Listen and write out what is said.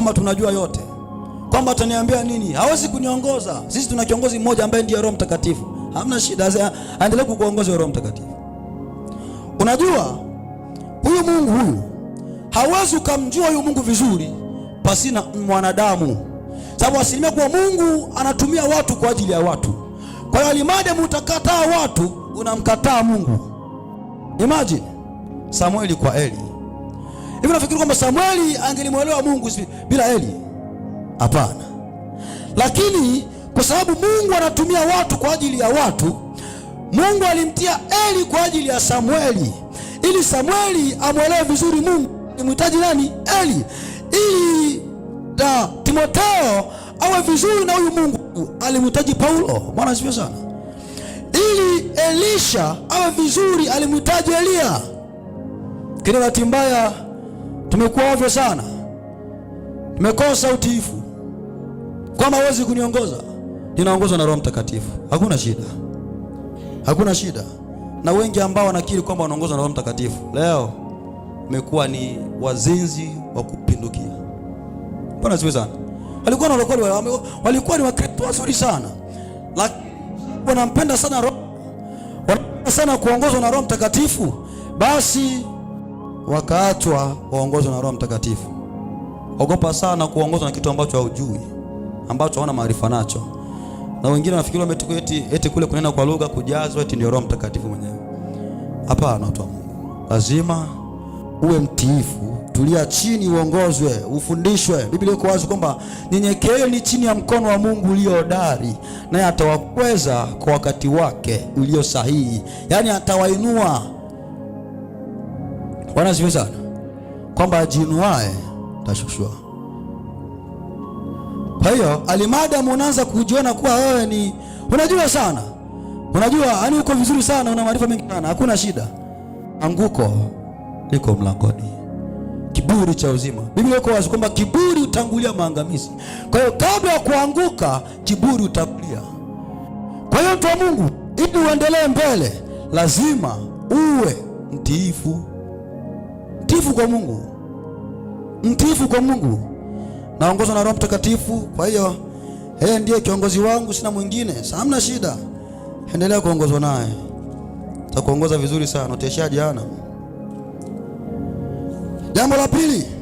kwamba tunajua yote, kwamba ataniambia nini. Hawezi kuniongoza. Sisi tuna kiongozi mmoja ambaye ndiye Roho Mtakatifu. Hamna shida, aendelee kukuongoza Roho Mtakatifu. Unajua huyu Mungu huyu, hawezi ukamjua huyu Mungu vizuri pasina mwanadamu, sababu asilimia kuwa Mungu anatumia watu kwa ajili ya watu. Kwa hiyo alimade utakataa watu, unamkataa Mungu. Imagine Samueli kwa Eli Hivi nafikiri kwamba Samueli angelimwelewa Mungu bila Eli? Hapana. Lakini kwa sababu Mungu anatumia watu kwa ajili ya watu, Mungu alimtia Eli kwa ajili ya Samueli ili Samueli amwelewe vizuri Mungu. Nimhitaji nani? Eli, ili na timoteo awe vizuri na huyu Mungu. Alimhitaji Paulo, Bwana asifiwe sana. Ili Elisha awe vizuri, alimhitaji Eliya. Kile bahati mbaya Tumekuwa ovyo sana, tumekosa utiifu. Kama huwezi kuniongoza, ninaongozwa na Roho Mtakatifu. Hakuna shida, hakuna shida. Na wengi ambao wanakiri kwamba wanaongozwa na Roho Mtakatifu leo mekuwa ni wazinzi wa kupindukia. Bwana siwe sana, walikuwa na walokole, walikuwa ni Wakristo wazuri sana, lakini wanampenda sana Roho, wanapenda sana kuongozwa na Roho Mtakatifu basi wakaachwa waongozwe na Roho Mtakatifu. Ogopa sana kuongozwa na kitu ambacho haujui, ambacho hauna maarifa nacho. Na wengine wanafikiri wametoka eti, eti kule kunena kwa lugha kujazwa eti ndio Roho Mtakatifu mwenyewe. Hapana, watu wa Mungu, lazima uwe mtiifu, tulia chini, uongozwe, ufundishwe. Biblia iko wazi kwamba ni chini ya mkono wa Mungu ulio hodari, naye atawakweza kwa wakati wake ulio sahihi, yaani atawainua Bwana asifiwe sana, kwamba ajinuae tashushwa. Kwa hiyo alimadamu unaanza kujiona kuwa wewe ni unajua sana, unajua yani uko vizuri sana, una maarifa mengi sana, hakuna shida, anguko liko mlangoni. Kiburi cha uzima. Biblia iko wazi kwamba kiburi utangulia maangamizi. Kwa hiyo kabla ya kuanguka, kiburi utangulia. Kwa hiyo mtu wa Mungu, ili uendelee mbele, lazima uwe mtiifu mtiifu kwa Mungu, mtiifu kwa Mungu, naongozwa na Roho Mtakatifu. Kwa hiyo yeye ndiye kiongozi wangu, sina mwingine. Sasa hamna shida, endelea kuongozwa naye, takuongoza vizuri sana, utaishia jana. Jambo la pili